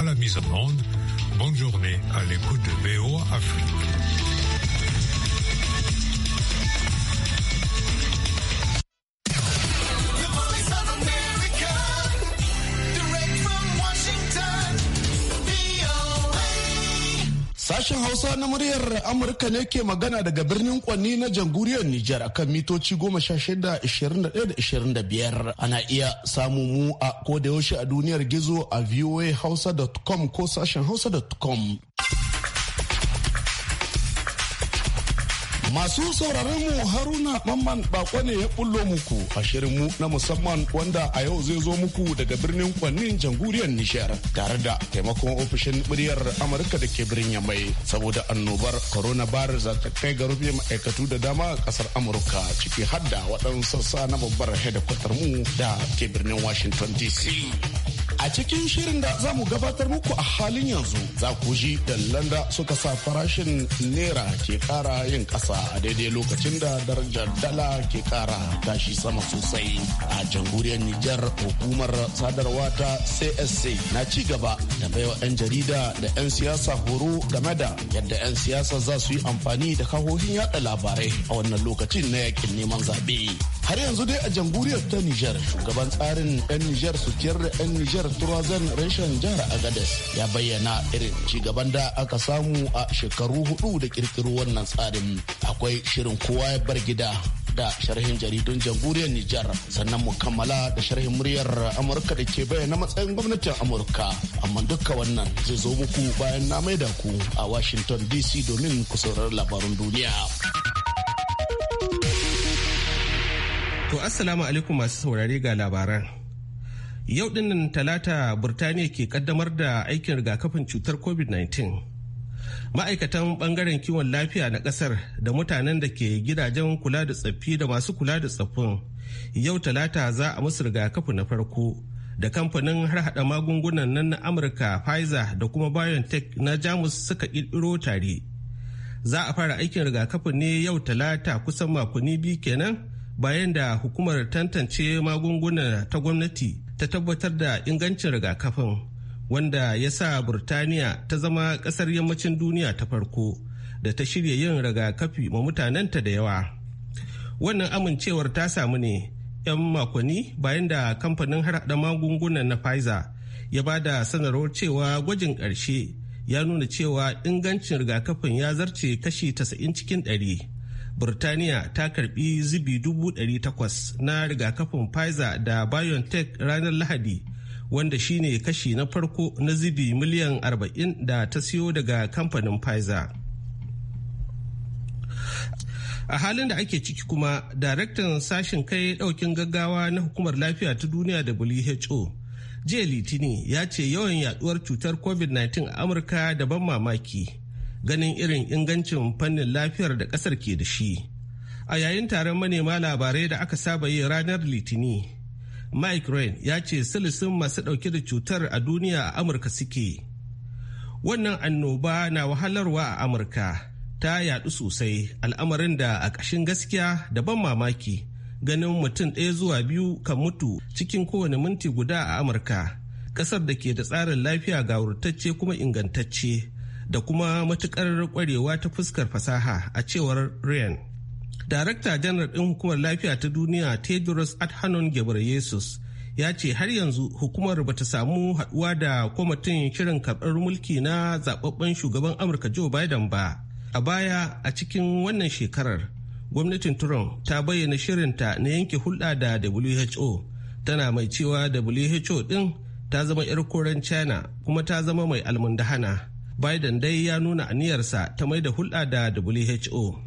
à la mise en monde, Bonne journée à l'écoute de BO Afrique. Hausa na muryar Amurka ne ke magana daga birnin Kwanni na jamhuriyar Nijar akan mitoci goma sha shida ishirin da da ishirin da biyar. Ana iya samu mu a yaushe a duniyar gizo a voahausa.com ko sashen hausa.com. Masu sauraron mu Haruna Mamman Bako ne ya bullo muku a shirin mu na musamman wanda a yau zai zo muku daga birnin Kwannin jamhuriyar Nishar tare da taimakon ofishin muryar Amurka da ke birnin Yamai saboda annobar coronavirus ta kai ga rufe ma'aikatu da dama a kasar Amurka ciki hadda waɗansu sassa na babbar hedikwatar mu da ke birnin Washington DC. A cikin shirin da za mu gabatar muku a halin yanzu za ku ji dallan da suka sa farashin nera ke kara yin kasa a daidai lokacin da darajar dala ke kara tashi sama sosai. A jamhuriyar Nijar hukumar sadarwa ta CSC na ci gaba da baiwa 'yan jarida da 'yan siyasa horo game da yadda 'yan siyasa za su yi amfani da kahohin yada labarai a wannan lokacin na yakin neman zaɓe. har yanzu dai a jamhuriyar ta nijar shugaban tsarin 'yan nijar su ciyar da 'yan nijar turazan reshen jihar Agadez ya bayyana irin cigaban da aka samu a shekaru hudu da kirkiro wannan tsarin akwai shirin kowa ya bar gida da sharhin jaridun jamhuriyar Nijar sannan mu kammala da sharhin muryar Amurka da ke bayyana matsayin gwamnatin Amurka amma dukka wannan zai zo muku bayan na maida ku a Washington DC domin ku saurari labarun duniya. To Assalamu alaikum masu saurare ga labaran. Yau dinnan talata Burtaniya ke kaddamar da aikin rigakafin cutar COVID-19. Ma'aikatan bangaren kiwon lafiya na kasar da mutanen da ke gidajen kula da tsaffi da masu kula da tsaffin yau talata za a musu rigakafi na farko da kamfanin harhaɗa magungunan nan na Amurka Pfizer da kuma BioNTech na Jamus suka ƙirƙiro tare. Za a fara aikin rigakafin ne yau talata kusan makonni biyu kenan bayan da hukumar tantance magunguna ta gwamnati ta tabbatar da ingancin rigakafin wanda ya sa burtaniya ta zama kasar yammacin duniya ta farko da ta shirya yin rigakafi ma mutanenta da yawa wannan amincewar ta samu ne 'yan makonni bayan da kamfanin harhaɗa magungunan na pfizer ya ba da sanarwar cewa gwajin ƙarshe ya nuna cewa ingancin rigakafin ya zarce kashi 90 cikin ɗari. Burtaniya ta karbi zubi dubu ɗari takwas na rigakafin Pfizer da BioNTech ranar Lahadi wanda shine kashi na farko na zubi miliyan 40 da ta siyo daga kamfanin Pfizer. A halin da ake ciki kuma, daraktan sashen kai daukin gaggawa na hukumar lafiya ta duniya WHO. jiya litinin ya ce yawan yaduwar cutar covid-19 a amurka da ban mamaki ganin irin ingancin fannin lafiyar da kasar ke da shi a yayin taron manema labarai da aka saba yi ranar litini mike rain ya ce silisin masu dauke da cutar a duniya a amurka suke wannan annoba na wahalarwa a amurka ta yadu sosai al'amarin da a ƙashin gaskiya da ban mamaki ganin mutum ɗaya zuwa biyu kan mutu cikin kowane minti guda a amurka ƙasar da ke da tsarin lafiya ga wurtacce kuma ingantacce da kuma matukar kwarewa ta fuskar fasaha a cewar ryan darakta janar ɗin hukumar lafiya ta duniya tedros adhanom ghebreyesus ya ce har yanzu hukumar bata samu haduwa da kwamitin shirin karɓar mulki na zababben shugaban amurka joe biden ba a baya a cikin wannan shekarar gwamnatin trump ta bayyana shirinta na yanke hulɗa da who tana mai cewa who ɗin ta zama 'yar koren china kuma ta zama mai almundahana Biden dai ya nuna aniyarsa ta mai da hulɗa da WHO.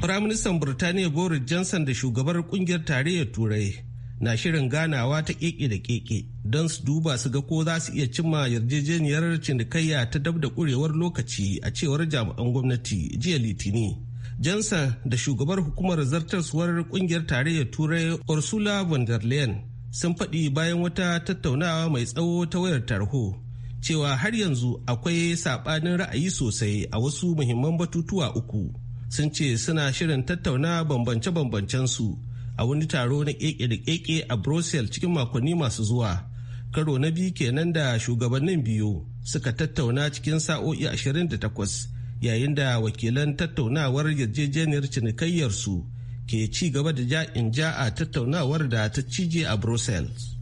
Firaministan Burtaniya Boris Johnson da shugabar kungiyar tarayyar Turai na shirin ganawa ta keke da keke don su duba su ga ko za su iya cimma yarjejeniyar cinikayya ta dab da kurewar lokaci a cewar jami'an gwamnati jiya litini. Johnson da shugabar hukumar zartarsuwar kungiyar tarayyar Turai Ursula von der Leyen sun faɗi bayan wata tattaunawa mai tsawo ta wayar tarho cewa har yanzu akwai saɓanin ra'ayi sosai a wasu muhimman batutuwa uku sun ce suna shirin tattauna bambance bambancen su, a wani taro na keke da keke a brussels cikin makonni masu zuwa karo na biyu kenan da shugabannin biyu suka tattauna cikin sa'o'i ashirin da takwas, yayin da wakilan tattaunawar yarjejeniyar cinikayyarsu ke ci gaba da ja'in ja a tattaunawar da ta cije a brussels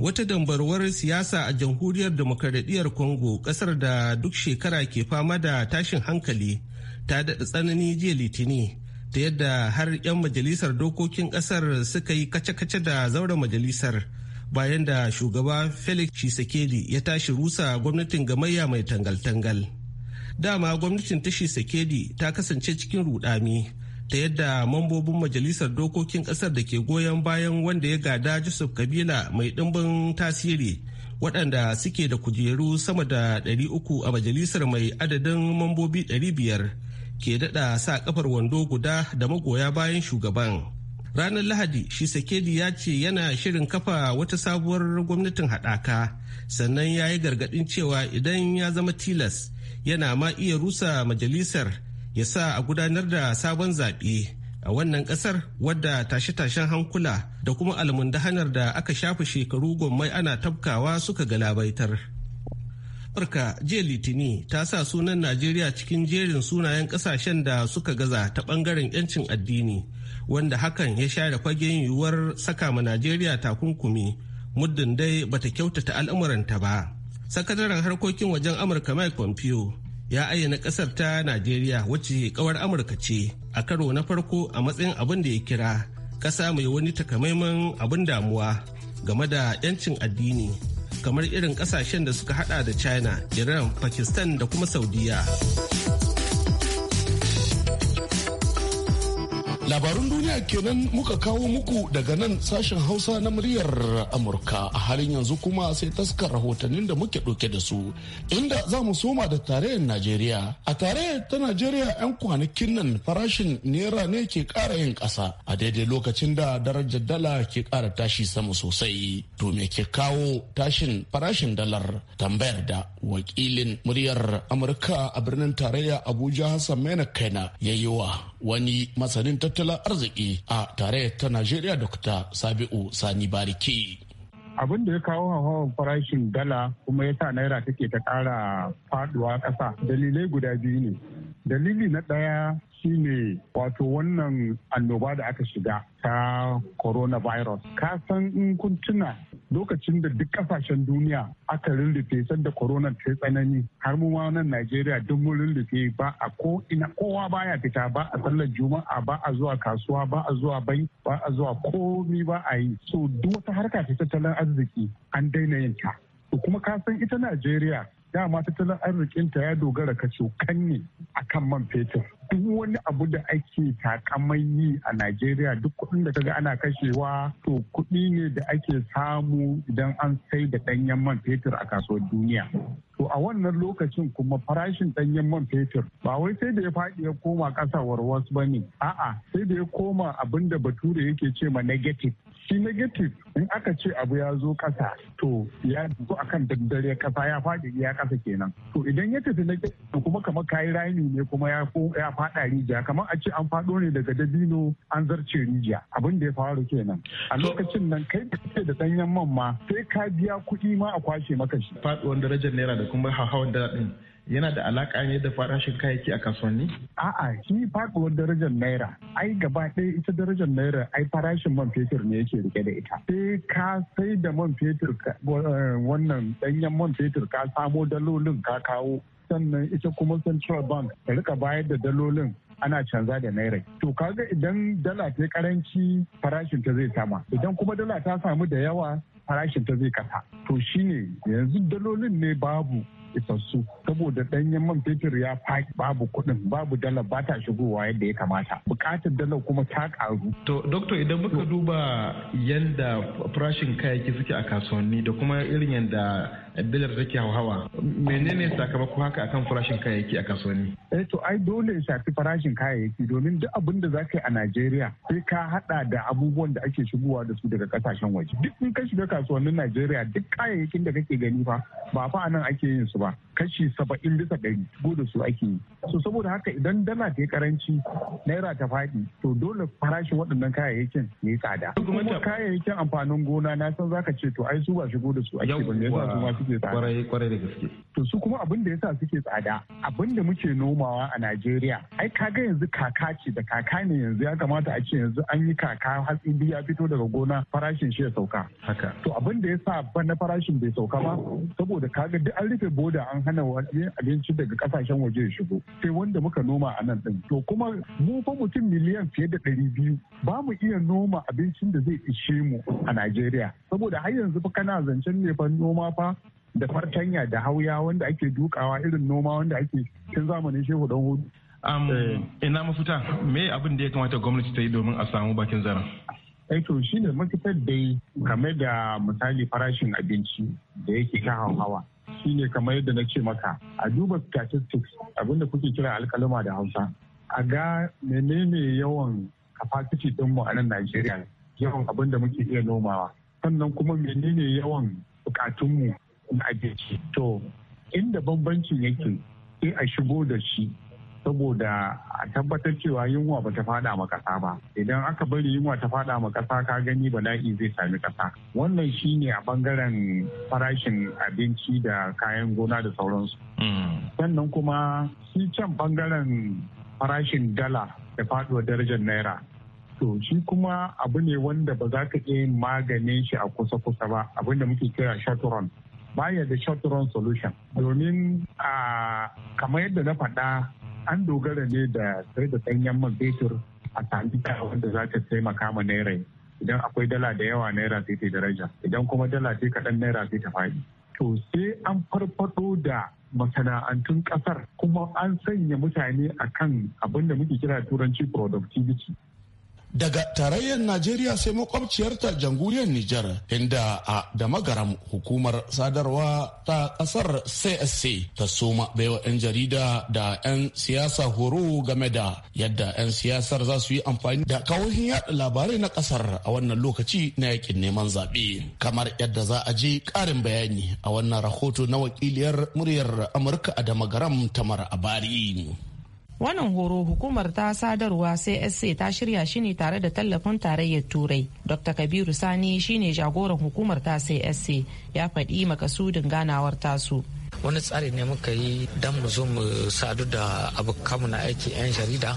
wata dambarwar siyasa a jamhuriyar Demokradiyyar congo kasar da duk shekara ke fama da tashin hankali ta daɗa tsanani jiya litini ta yadda har 'yan majalisar dokokin kasar suka yi kace-kace da zauren majalisar bayan da shugaba felix shisekedi ya tashi rusa gwamnatin gamayya mai tangal-tangal dama gwamnatin ta shisekedi ta kasance cikin rudami ta yadda mambobin majalisar dokokin kasar da ke goyon bayan wanda ya gada joseph Kabila mai dimbin tasiri waɗanda suke da kujeru sama da 300 a majalisar mai adadin mambobi 500 ke daɗa sa kafar wando guda da magoya bayan shugaban. Ranar Lahadi shi Sakedi ya ce yana shirin kafa wata sabuwar gwamnatin haɗaka sannan ya yi gargaɗin cewa idan ya zama tilas yana ma iya rusa majalisar ya sa a gudanar da sabon zaɓe a wannan ƙasar wadda tashe-tashen hankula da kuma almundahanar da aka shafa shekaru gwammai ana tafkawa suka galabaitar. Amurka jiya Litini ta sa sunan Najeriya cikin jerin sunayen ƙasashen da suka gaza ta ɓangaren 'yancin addini, wanda hakan ya share fagen yiwuwar saka ma Najeriya takunkumi, muddin dai bata kyautata al'amuranta ba. Sakataren harkokin wajen Amurka Mike Pompeo ya ayyana ƙasar ta Najeriya wacce kawar Amurka ce a karo na farko a matsayin abin da ya kira ƙasa mai wani takamaiman abin damuwa game da 'yancin addini kamar irin ƙasashen da suka hada da China, Iran, Pakistan da kuma Saudiya. labarun duniya kenan muka kawo muku daga nan sashen hausa na muryar amurka a halin yanzu kuma sai taskar rahotannin da muke ɗauke da su inda za mu soma da tarayyar najeriya a tarayyar ta najeriya 'yan kwanakin nan farashin naira ne ke ƙara yin ƙasa a daidai lokacin da darajar dala ke ƙara tashi sama sosai to me ke kawo tashin farashin dalar tambayar da wakilin muryar amurka a birnin tarayya abuja hassan Mena kaina ya yi wa wani masanin tattalin arziki a tare ta Najeriya Dr. Sabi'u Sani Bariki. abin da ya kawo hawan farashin dala kuma ya sa naira take ta ƙara faduwa ƙasa dalilai guda biyu ne dalili na ɗaya shine wato wannan annoba da aka shiga ta coronavirus ka san in kun tuna lokacin da duk kasashen duniya aka rurrufe sanda corona ta tsanani har mu ma nan Najeriya duk mun rinrufe ba a ko ina kowa baya fita ba a sallar juma'a ba a zuwa kasuwa ba a zuwa bai ba a zuwa komi ba a yi so duk wata harka ta tattalin arziki an daina yin ta to kuma ka san ita Najeriya dama tattalin arzikinta ya dogara ka kacokan ne kan man fetur duk wani abu da ake takamai a Najeriya duk kuɗin da kaga ana kashewa to kuɗi ne da ake samu idan an sai da ɗanyen man fetur a kasuwar duniya. To a wannan lokacin kuma farashin ɗanyen man fetur ba wai sai da ya faɗi ya koma ƙasa warwas ba ne. A'a sai da ya koma abin da bature yake ce ma negative shi negative in aka ce abu ya zo kasa to ya zo kan daddare kasa ya faɗi ya kasa kenan to idan ya tafi negative kuma kamar kayi rami ne kuma ya faɗa rijiya kamar a ce an faɗo ne daga dabino an zarce rijiya abin da ya faru kenan a lokacin nan kai da kake da danyen man ma sai ka biya kuɗi ma a kwashe maka shi faɗuwar darajar naira da kuma hawan dara ɗin yana da alaka ne da farashin kayayyaki a kasuwanni? A'a, shi faɗuwar darajar naira, ai gaba ɗaya ita darajar naira ai farashin man fetur ne yake rike da ita. Sai ka sai da man fetur eh, wannan ɗanyen man fetur ka samo dalolin ka kawo sannan ita kuma central bank ka rika bayar da dalolin ana canza da naira to kaga idan dala ta karanci farashin ta zai sama idan kuma dala ta samu da yawa farashin ta zai kasa to shine yanzu dalolin ne babu isassu saboda danyen man fetur ya faki babu kuɗin babu dala ba ta shigowa yadda ya kamata bukatar dala kuma ta karu. to doktor idan muka duba yanda farashin kayayyaki suke a kasuwanni da kuma irin yanda. dalar take hawa menene sakamako haka akan farashin kayayyaki a kasuwanni eh to ai dole ya shafi farashin kayayyaki domin duk abin da zaka yi a Najeriya sai ka hada da abubuwan da ake shigowa da su daga kasashen waje duk in ka shiga kasuwannin Najeriya duk kayayyakin da kake gani fa ba fa anan ake yin su ba kashi saba'in bisa ɗari gode su ake yi so saboda haka idan dala ta yi karanci naira ta faɗi to dole farashin waɗannan kayayyakin ya yi tsada kuma kayayyakin amfanin gona na san zaka ce to ai su ba shigo da su ake ba ne yasa su ma suke tsada kwarai da gaske to su kuma abin da yasa suke tsada abin da muke nomawa a Najeriya ai kaga yanzu kaka ce da kaka ne yanzu ya kamata a ce yanzu an yi kaka hatsi biyu ya fito daga gona farashin shi ya sauka haka to abin da yasa ban na farashin bai sauka ba saboda kaga duk an rufe boda an hana abinci daga kasashen waje ya shigo sai wanda muka noma a nan din to kuma mu fa mutum miliyan fiye da ɗari biyu ba mu iya noma abincin da zai ishe mu a Najeriya saboda har yanzu fa kana zancen ne fa noma fa da fartanya da hauya wanda ake dukawa irin noma wanda ake tun zamanin shehu dan hudu. Eh. ina mafita me abin da ya kamata gwamnati ta yi domin a samu bakin zaren. ai eh to shi ne mafitar dai game da misali farashin abinci da yake kan hawa shine kamar yadda na ce maka a duba statistics abinda kuke kira alkalama da hausa a ga menene yawan capacity mu a nan Najeriya yawan abin da muke iya nomawa sannan kuma menene yawan bukatunmu na abinci to inda bambancin yake sai a shigo da shi saboda a tabbatar cewa yunwa ba ta fada ma ƙasa ba idan aka bari yunwa ta fada ma ƙasa ka gani bala'i zai sami ƙasa wannan shine a bangaren farashin abinci da kayan gona da sauransu hmm. sannan kuma shi can bangaren farashin dala da faduwar darajar naira to shi kuma abu ne wanda ba za ka iya maganin shi a kusa-kusa ba abin da muke kira shaturan baya da short solution domin a ah, kamar yadda na faɗa an dogara ne da sai da ɗanyen man fetur a sami wanda za ta taimaka ma naira idan akwai dala da yawa naira sai ta daraja idan kuma dala sai kaɗan naira sai ta faɗi to sai an farfaɗo da masana'antun ƙasar kuma an sanya mutane a kan abin da muke kira turanci productivity daga tarayyar najeriya sai makwabciyarta jamhuriyar nijar inda a da magaram hukumar sadarwa ta kasar csc ta soma baiwa 'yan jarida da 'yan siyasa horo game da yadda 'yan siyasar za su yi amfani da kawohin yada labarai na kasar a wannan lokaci na yakin neman zaɓe kamar yadda za a je ƙarin bayani a wannan rahoto na wakiliyar muryar amurka a da magaram tamar abari Wannan horo hukumar ta sadarwa csc ta shirya shi ne tare da tallafin tarayyar Turai. Dr. Kabiru Sani shine jagoran hukumar ta csc ya faɗi makasudin ganawar tasu. Wani tsari ne muka yi don mu zo mu sadu da abokanmu na aiki 'yan jarida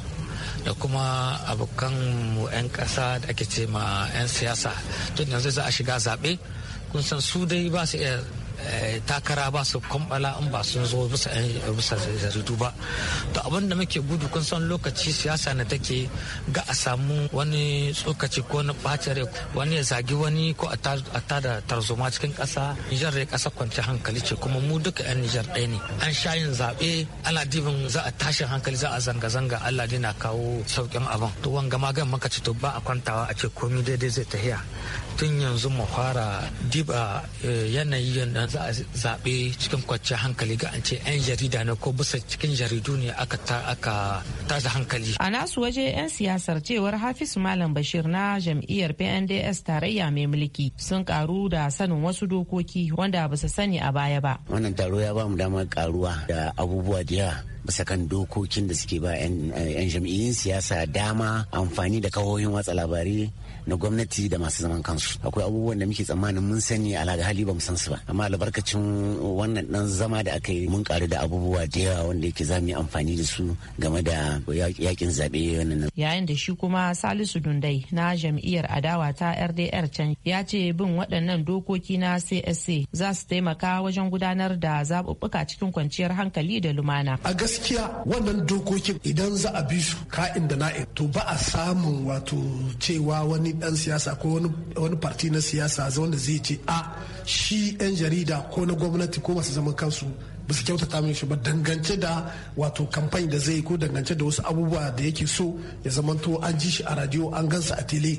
da kuma abokan mu 'yan ƙasa da ake ce ma 'yan siyasa. Tun yanzu za a shiga zaɓe, kun san su dai ba su iya Eh, takara ba su kwambala in ba sun zo bisa zaridu eh, ba to abin da muke gudu kun san lokaci siyasa na take ga a samu wani tsokaci ko na rai wani ya zagi wani ko a tada tarzoma cikin ƙasa nijar rai ƙasa kwanci hankali ce kuma mu duka 'yan nijar ɗaya ne an sha yin zaɓe ana divin za a tashin hankali za a zanga-zanga allah dai na kawo sauƙin abin to wanga magan maka ci to ba a kwantawa a ce komi daidai zai tahiya tun yanzu mu fara diba eh, yanayi za a zaɓe cikin kwacce hankali ga an ce 'yan jarida ne ko bisa cikin jaridu ne aka aka hankali. A nasu waje 'yan siyasar cewar Hafiz Malam Bashir na jam'iyyar PNDS tarayya mai mulki sun karu da sanin wasu dokoki wanda ba su sani a baya ba. Wannan taro ya ba mu damar karuwa da abubuwa da bisa kan dokokin da suke ba 'yan eh, jam'iyyun siyasa dama amfani da kawoyin watsa labarai na gwamnati da masu zaman kansu akwai abubuwan da muke tsammanin mun sani hali ba mu san su ba amma albarkacin wannan dan zama da aka yi mun karu da abubuwa da yawa wanda yake za mu yi amfani da su game da yakin zaɓe wannan yayin da shi kuma salisu dundai na jam'iyyar adawa ta rdr can ya ce bin waɗannan dokoki na csa za su taimaka wajen gudanar da zaɓuɓɓuka cikin kwanciyar hankali da lumana gaskiya wannan dokokin idan za a bi su ka'in da na'in to ba a samun wato cewa wani dan siyasa ko wani parti na siyasa wanda zai ce a shi 'yan jarida ko na gwamnati ko masu zaman kansu ba su kyautata min shi ba dangance da wato kamfani da zai ko dangance da wasu abubuwa da yake so ya zamanto an ji shi a radio an gansa a tele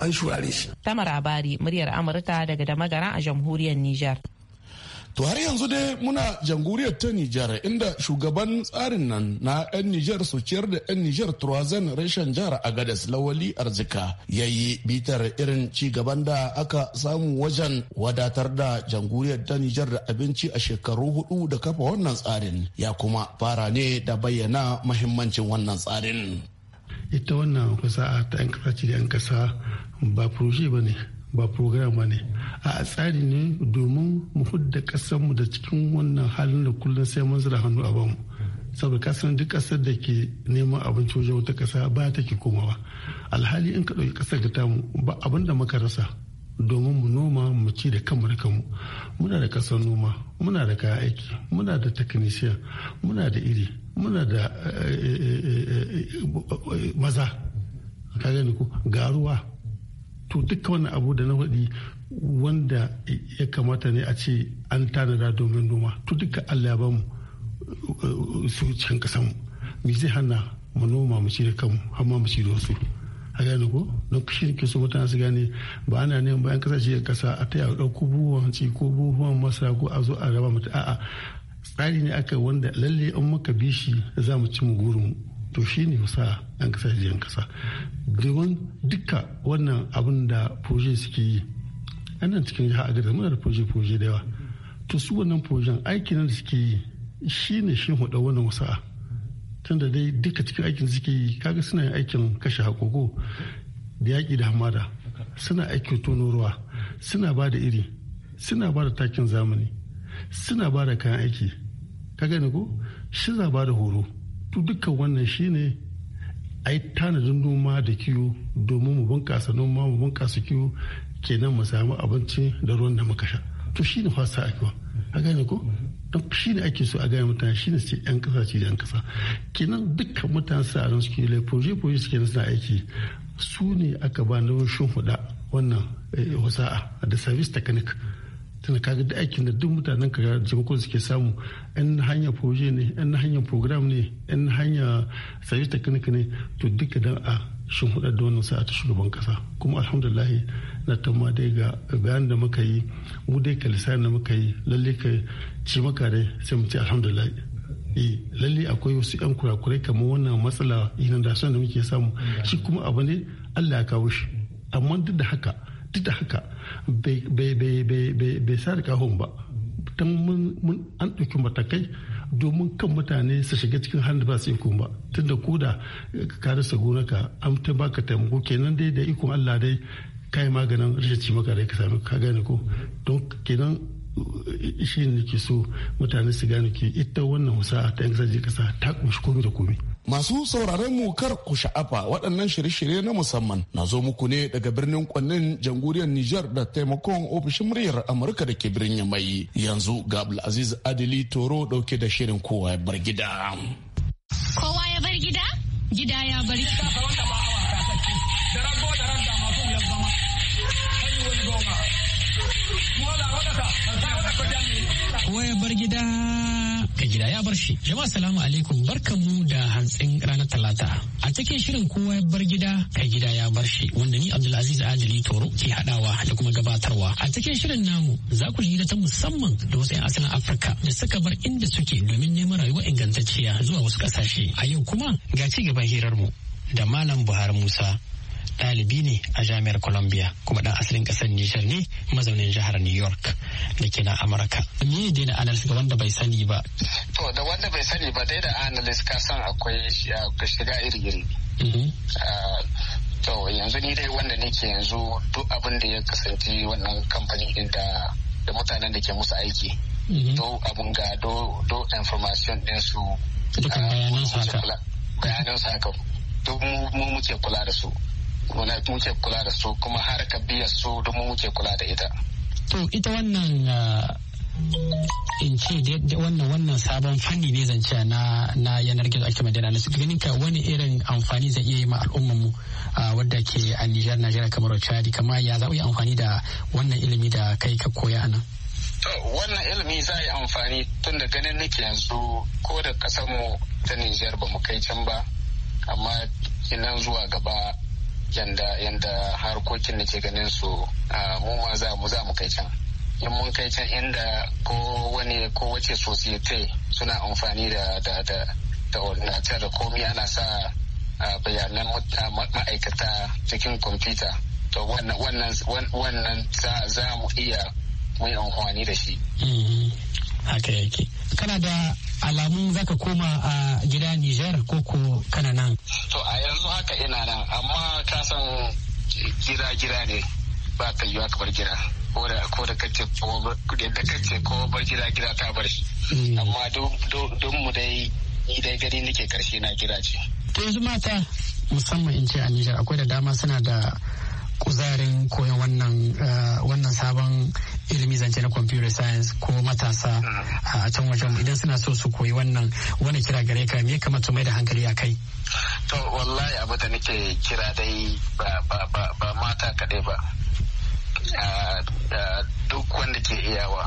an shurare shi. Tamar Abari muryar Amurka daga damagara a jamhuriyar Nijar. To har yanzu dai muna jamhuriyar ta Nijar inda shugaban tsarin nan na 'yan Nijar su ciyar da 'yan Nijar Turazan reshen jihar Agadas Lawali Arzika ya yi bitar irin ci gaban da aka samu wajen wadatar da jamhuriyar ta Nijar da abinci a shekaru hudu da kafa wannan tsarin ya kuma fara ne da bayyana mahimmancin wannan tsarin. Ita wannan kusa ta 'yan kasa ce da 'yan kasa ba ba ne. ba programa ne a tsari ne domin mu hudda mu da cikin wannan halin da kullum sai mun zira hannu a bamu saboda kasan duk kasar da ke neman abinci wajen wata kasa ba ta ke komawa alhali in ka ɗauki kasar ga mu ba abin da muka rasa domin mu noma mu ci da kanmu da kanmu muna da kasar noma muna da kayan aiki muna da takanisiya muna da iri muna da maza ka gani ko ga ruwa to duka wani abu da na faɗi wanda ya kamata ne a ce an tanada domin noma to duka allah ya bamu uh, su cikin kasanmu me zai hana mu noma mu shirya kanmu har mu shirya wasu a gane ko don shi ke so mutane su gane ba ana neman bayan kasashe shi kasa a ta yawo ɗauko buhuwan ci ko buhuwan masara ko a zo a raba mutu a'a tsari ne aka wanda lalle in muka bi shi za mu ci mu gurin mu to shi ne wasa ɗan kasa jiyan kasa domin duka wannan abin da proje suke yi nan cikin jihar agadar muna da proje-proje da yawa to su wannan projen aikin da suke yi shi ne shi hudu wannan wasa tunda dai duka cikin aikin suke yi kaga suna yin aikin kashe hakoko da yaƙi da hamada suna aikin tono ruwa suna ba da iri suna ba da takin zamani suna ba da kayan aiki kaga ne ko shi za ba da horo dukkan wannan shine a yi tanadin noma da kiwo domin mu bunkasa noma mu bunkasa kiwo kenan mu samu abinci da ruwan da muka sha to shine fasa a kiwa a gane ko shi ne ake so a gane mutane shi ne sai yan kasa ce yan kasa kenan dukkan mutane sa ran suke lai proje proje suke suna aiki su ne aka ba nauyin shun huda wannan eh, wasa'a da service technique ka kaga da aikin da duk mutanen ka jimako suke samu in hanyar proje ne in hanyar program ne in hanyar service technique ne to duka dan a shin hudar da wannan sa'a ta shugaban kasa kuma alhamdulillah na tamma dai ga bayan da muka yi mu dai lissafi da muka yi lalle ka ci maka dai sai mu ce alhamdulillah eh, lalle akwai wasu yan kurakurai kamar wannan matsala inundation da muke samu shi kuma abu ne Allah ya kawo shi amma duk da haka duk da haka bai sa da kahon ba don mun an ɗauki matakai domin kan mutane su shiga cikin hannu ba su iko ba tunda ko da ka rasa gonaka an ta baka taimako kenan dai da ikon Allah dai kai maganin rashin ci maka rai ka sami ka gane ko don kenan eh, shi ne ke so mutane su gane ke ita wannan wasa ta yan kasashe kasa ta kunshi komi da komi Masu sauraron mu kar ku sha'afa waɗannan shirye-shirye na musamman na zo muku ne daga birnin kwannin jamhuriyar Nijar da taimakon ofishin muryar Amurka da ke birnin Yamai. Yanzu ga aziz Adili Toro dauke da shirin kowa ya bar gida. Kowa ya bar gida? Gida ya bar gida. Kowa ya bar gida. ka gida ya bar shi. Jama'a salamu alaikum mu da hantsin ranar talata. A cikin shirin kowa ya bar gida ka gida ya bar shi wanda ni Abdulaziz Adili Toro ke haɗawa da kuma gabatarwa. A cikin shirin namu za ku ji ta musamman da wasu 'yan asalin Afirka da suka bar inda suke domin neman rayuwa ingantacciya zuwa wasu ƙasashe. A yau kuma ga ci gaban hirar mu da Malam Buhari Musa ɗalibi ne a jami'ar Columbia kuma ɗan asalin ƙasar Nijar ne mazaunin jihar New York da ke na Amurka. Ni ne na analyst ga wanda bai sani ba? To da wanda bai sani ba dai da analyst ka san akwai shiga iri-iri. Mm-hmm. To yanzu ni dai wanda nake yanzu duk abin da ya kasance wannan kamfanin inda da mutanen da ke musu aiki. Mm-hmm. Do abin ga do information din su. Dukkan bayanan su haka. Bayanan su haka. Duk mu muke kula da su. gonaki muke kula da su kuma har ka biya su domin muke kula da ita. To ita wannan ah, in ce wannan wannan sabon fanni ne zance na na yanar gizo ake madina na ganin ka wani irin amfani zai iya yi ma al'ummar mu ah, wadda ke a Nijar Najeriya kamar Chadi kama ya za yi amfani da wannan ilimi da kai ka koya a nan. wannan ilimi za a yi amfani tun da ganin nake yanzu ko da kasar mu ta Nijar ba mu kai can ba amma kinan zuwa gaba yanda yanda harkokin da ke ganin su mu ma za mu za mu kai can in mun kai can inda ko wani ko wace societe suna amfani da da da da ordinator da komi ana sa bayanan ma'aikata cikin kwamfuta to wannan za mu iya mai amfani da shi mm-hmm. haka yake kana da alamun zaka koma a gida Nijar ko ko kana nan? To a yanzu haka ina nan amma ka san gida gida ne ba ka yiwa ka bar gida ko da ko da kace ko da kace ko bar gida gida ta bar shi mm. amma don mu dai ni dai gari nake karshe na gida ce. To yanzu mata musamman in ce a Nijar akwai da dama suna da kuzarin koyon wannan eh, sabon ilimi zance na computer science ko matasa mm. a can wajen idan suna so su koyi wannan wani kira gare ka me kamar kamata mai da hankali a kai to wallahi abu da nake kira dai ba mata kaɗai ba duk wanda ke iyawa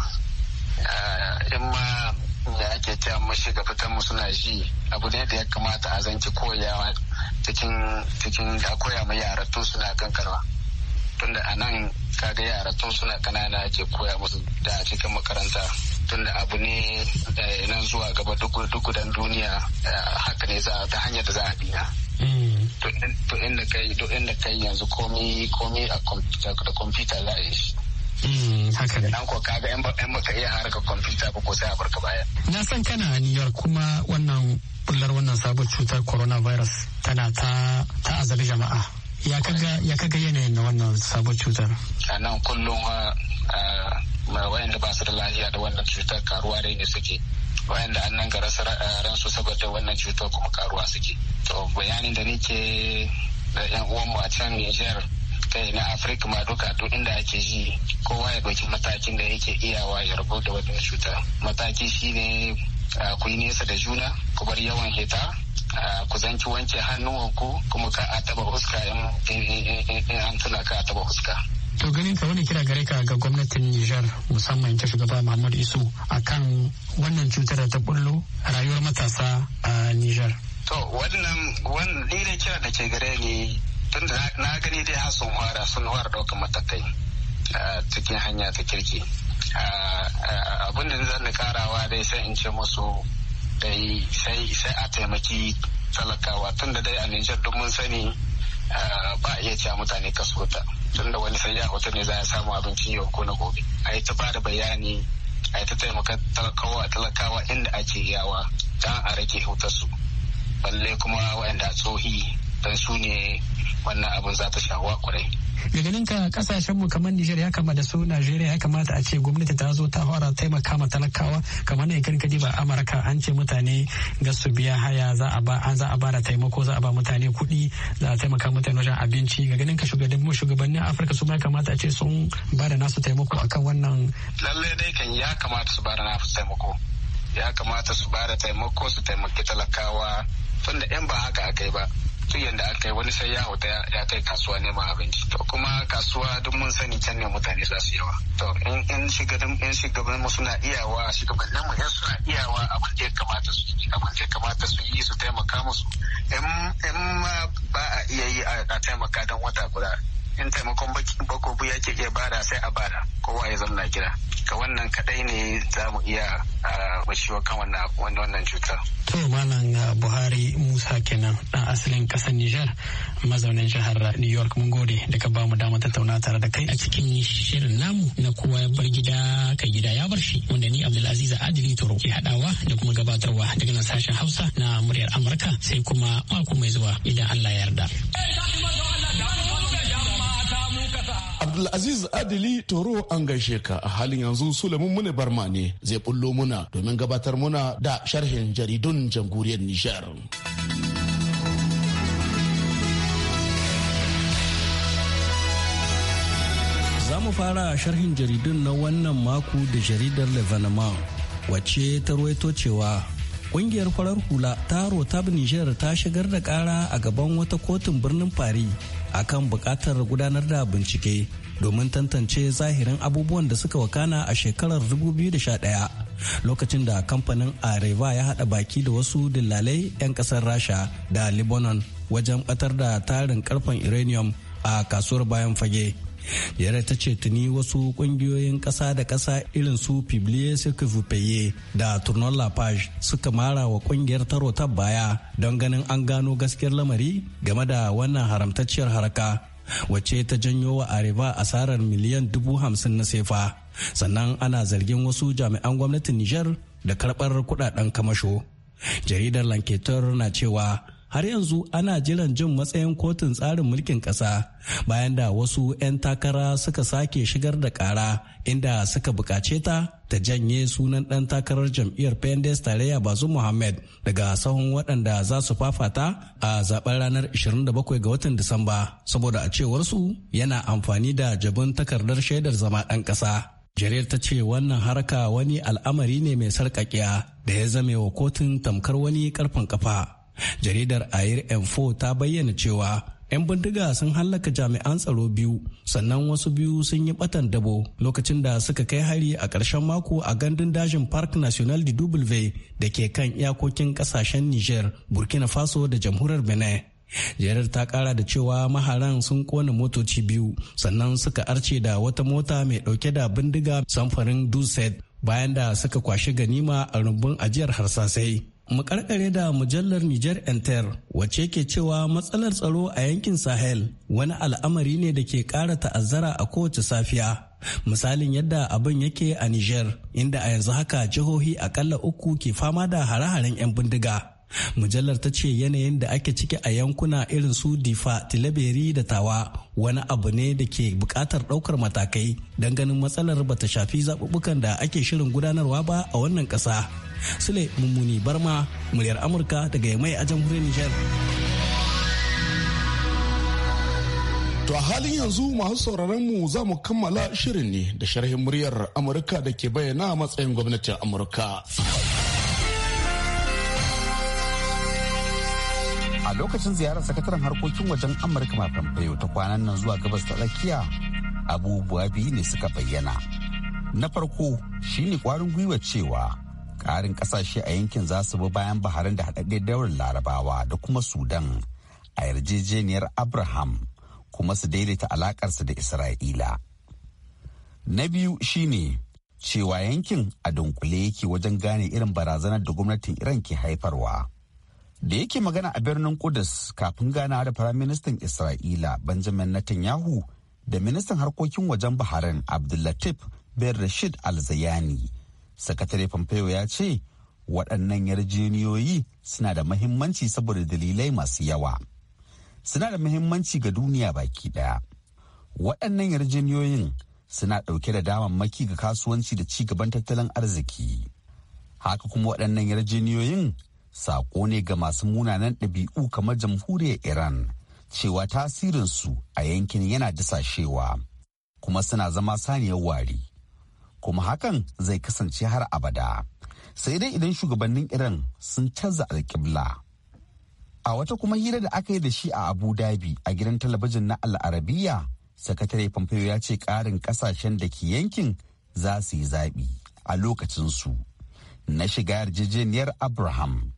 in ma da ake cewa mashi fitan mu suna ji abu ne da ya kamata a zanki koyawa cikin da koya ma yara tun suna kankarwa tunda a nan kaga yara tun suna kanana ake koya musu da a cikin makaranta tunda abu ne nan zuwa gaba dan duniya eh, haka ne za ta hanyar da za a dina mm. to inda kai to inda kai yanzu komi komi a da computer za a yi shi mm, haka ne. Nan ko kaga yan baka iya harkar kwamfuta ba ko sai a barka baya. Na san kana a New York kuma wannan bullar wannan sabon cutar coronavirus tana ta azali jama'a. ya kaga yanayin na wannan sabon cutar a nan kullum wayanda ba su da lafiya da wannan cutar karuwa dai ne suke wayanda an nanga ga ransu saboda wannan cutar kuma karuwa suke to bayanin da nake da yan uwanmu a can Nijar kai na Afirka ma duka duk inda ake ji kowa ya ɗauki matakin da yake iyawa ya rabu da wannan cutar mataki shine ku yi nesa da juna ku bar yawan hita ku zanki wanke hannuwanku kuma ka a taba huska in an tuna ka a taba huska. to ganin ka wani kira gare ka ga gwamnatin Nijar musamman ta shugaba Muhammad Isu akan wannan cutar da ta bullo rayuwar matasa a Nijar. To wannan wani ne kira da ke gare ni tun da na gani dai har sun fara sun fara ɗaukar matakai cikin hanya ta kirki. Abin da zan karawa dai sai in ce musu sai sai a taimaki talakawa tun da dai a Nijar duk mun sani ba a iya cewa mutane kaso ta tun da wani sai ya wata ne za a samu abincin yau ko na gobe a yi ta ba bayani a yi ta taimaka talakawa talakawa inda ake yawa don a rage hutarsu balle kuma waɗanda tsohi don su ne wannan abin za ta shawa kwarai. ga ganin ka kasashen mu kamar Nijar ya kamata su Najeriya ya kamata a ce gwamnati ta zo ta fara taimaka ma talakawa kamar ne kan kadi ba Amurka an ce mutane ga su biya haya za a ba an za a ba da taimako za a ba mutane kuɗi za a taimaka mutane wajen abinci ga ganin ka shugaban mu shugabannin Afirka su ma ya kamata a ce sun ba da nasu taimako akan wannan lallai dai kan ya kamata su ba da nasu taimako ya kamata su ba da taimako su taimaki talakawa tunda yan ba haka akai ba duk da aka yi wani sai ya hauta ya kai kasuwa neman abinci to kuma kasuwa duk mun sani can ne mutane za su yawa to in shugaban in shugaban mu suna iyawa shugabannin mu in suna iyawa abin da ya kamata su yi abin da ya kamata su yi su taimaka musu in ma ba a iya yi a taimaka don wata guda in taimakon bako ya ke iya bada sai a bada kowa ya zamna gida ka wannan kadai ne za mu iya washewa kan wannan cuta. to malam buhari musa kenan dan asalin kasar niger mazaunin jihar new york mun gode da ka bamu dama tattauna tare da kai a cikin shirin namu na kowa ya bar gida ka gida ya bar shi wanda ni abdulaziz adili toro ke hadawa da kuma gabatarwa daga nan sashen hausa na muryar amurka sai kuma mako mai zuwa idan allah ya yarda. Abdulaziz Adili Toro an gaishe ka a halin yanzu Sulaiman Mune Barma ne zai bullo muna domin gabatar muna da sharhin jaridun jamhuriyar Nijar. Za mu fara sharhin jaridun na wannan mako da jaridar Lebanon wacce ta ruwaito cewa ƙungiyar farar hula ta Tab Nijar ta shigar da ƙara a gaban wata kotun birnin fari akan bukatar gudanar da bincike domin tantance zahirin abubuwan da suka wakana a shekarar 2011 lokacin da kamfanin areva ya hada baki da wasu dillalai 'yan kasar rasha da libanon wajen batar da tarin karfen uranium a kasuwar bayan fage yare ta ce tuni wasu kungiyoyin ƙasa da ƙasa irin su publier da tournon la page suka mara wa kungiyar ta baya don ganin an gano gaskiyar lamari game da wannan haramtacciyar haraka. wacce ta janyo wa Areva asarar miliyan dubu hamsin na sefa. Sannan ana zargin wasu jami'an gwamnatin Nijar da karɓar kudaden kamasho. Jaridar Lanketor na cewa har yanzu ana jiran jin matsayin kotun tsarin mulkin kasa bayan da wasu 'yan takara suka sake shigar da ƙara inda suka buƙace ta ta janye sunan ɗan takarar jam'iyyar pendes tarayya bazu muhammad daga sahun waɗanda za su fafata a zaɓen ranar 27 ga watan disamba saboda a cewarsu yana amfani da jabin takardar shaidar zama ɗan ƙasa jarir ta ce wannan harka wani al'amari ne mai sarƙaƙiya da ya zame wa kotun tamkar wani ƙarfin kafa jaridar air m4 ta bayyana cewa 'yan bindiga sun hallaka jami'an tsaro biyu sannan wasu biyu sun yi batan dabo lokacin da suka kai hari a ƙarshen mako a gandun dajin park national de w da ke kan iyakokin ƙasashen niger burkina faso da jamhuriyar benin jerar ta kara da cewa maharan sun kona motoci biyu sannan suka arce da wata mota mai dauke da bindiga samfarin duset bayan da suka kwashi ganima a rumbun ajiyar harsasai mu karkare da mujallar Niger Enter wace ke cewa matsalar tsaro a yankin Sahel wani al'amari ne da ke kara ta'azzara a kowace safiya. Misalin yadda abin yake a Niger, inda a yanzu haka jihohi akalla uku ke fama da hare-haren 'yan bindiga. Mujallar ta ce yanayin da ake ciki a yankuna irin su Difa, Tilaberi da Tawa wani abu ne da ke buƙatar ɗaukar matakai don ganin matsalar bata shafi zaɓuɓɓukan da ake shirin gudanarwa ba a wannan ƙasa. Sule Mummuni Barma, muryar Amurka daga mai a jamhuriyar Nijar. To a halin yanzu masu sauraron mu za mu kammala shirin ne da sharhin muryar Amurka da ke bayyana a matsayin gwamnatin Amurka. a lokacin ziyarar sakataren harkokin wajen amurka ma pompeo ta kwanan nan zuwa gabas ta tsakiya abubuwa biyu ne suka bayyana na farko shine kwarin gwiwa cewa ƙarin ƙasashe a yankin za su bi bayan baharin da haɗaɗɗen daular larabawa da kuma sudan a yarjejeniyar abraham kuma su daidaita alaƙarsu da isra'ila na biyu shine cewa yankin a dunkule yake wajen gane irin barazanar da gwamnatin iran ke haifarwa da yake magana a birnin kudus kafin ganawa da firaministan isra'ila benjamin netanyahu da ministan harkokin wajen baharin abdullatif bin rashid al-zayani sakatare pompeo ya ce waɗannan yarjejeniyoyi suna da mahimmanci saboda dalilai masu yawa suna da mahimmanci ga duniya baki ɗaya waɗannan yarjejeniyoyin suna ɗauke da damammaki ga kasuwanci da ci gaban tattalin arziki haka kuma waɗannan yarjejeniyoyin saƙo ne ga masu munanan ɗabi'u kamar jamhuriyar iran cewa tasirinsu a yankin yana dasashewa kuma suna zama saniyar wari kuma hakan zai kasance har abada sai dai idan shugabannin iran sun canza alƙibla a wata kuma hira da aka yi da shi a abu dhabi a gidan talabijin na al'arabiya sakatare pompeo ya ce ƙarin ƙasashen da ke yankin za su yi zaɓi a lokacinsu na shiga yarjejeniyar abraham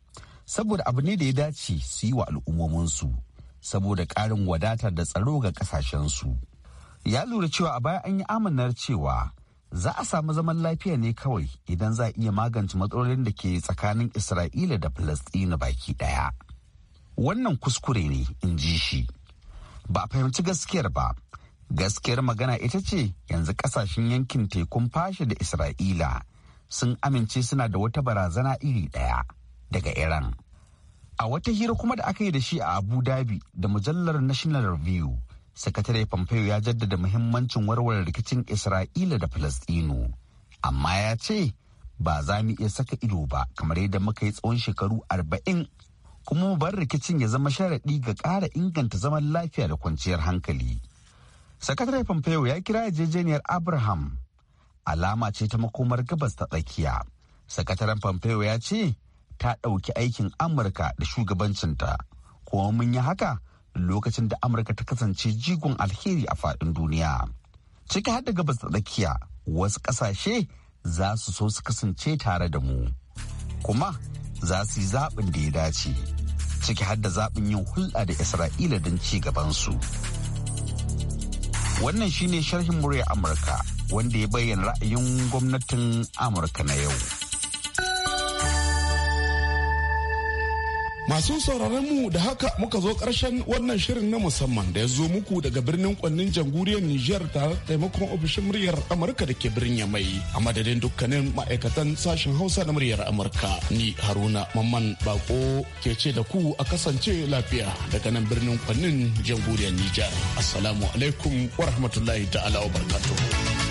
saboda abu ne da ya dace su yi wa al'ummominsu saboda ƙarin wadatar da tsaro ga ƙasashensu ya lura cewa a baya an yi amanar cewa za a samu zaman lafiya ne kawai idan za a iya magance matsalolin da ke tsakanin isra'ila da falasɗina baki ɗaya. wannan kuskure ne in ji shi ba a fahimci gaskiyar ba gaskiyar magana ita ce yanzu kasashen yankin tekun fashe da isra'ila sun amince suna da wata barazana iri ɗaya daga iran a wata hira kuma da aka yi da shi a abu dhabi da mujallar national review sakatare pompeo ya jaddada muhimmancin warware rikicin isra'ila da Falasɗinu. amma ya ce ba za mu iya saka ido ba kamar yadda muka yi tsawon shekaru arba'in kuma mu bar rikicin ya zama sharaɗi ga ƙara inganta zaman lafiya da kwanciyar hankali sakatare pompeo ya kira yarjejeniyar abraham alama ce ta makomar gabas ta tsakiya sakataren pompeo ya ce ta ɗauki aikin amurka da shugabancinta kuma mun yi haka lokacin da amurka ta kasance jigon alheri a faɗin duniya ciki har da gabas da tsakiya wasu ƙasashe za su so su kasance tare da mu kuma za su yi zaɓin da ya dace ciki har da zaɓin yin hulɗa da isra'ila don ci gabansu wannan shine sharhin murya amurka wanda ya bayyana ra'ayin gwamnatin amurka na yau Masu sauraron mu da haka muka zo ƙarshen wannan shirin na musamman da ya zo muku daga birnin kwannin jamhuriyar Nijar tare taimakon ofishin muryar Amurka da ke birnin mai. a madadin dukkanin ma'aikatan sashen Hausa na muryar Amurka. Ni Haruna Mamman Bako ke ce da ku a kasance lafiya daga nan birnin kwannin jamhuriyar Nijar. Assalamu alaikum wa rahmatullahi ta'ala wa barkatu.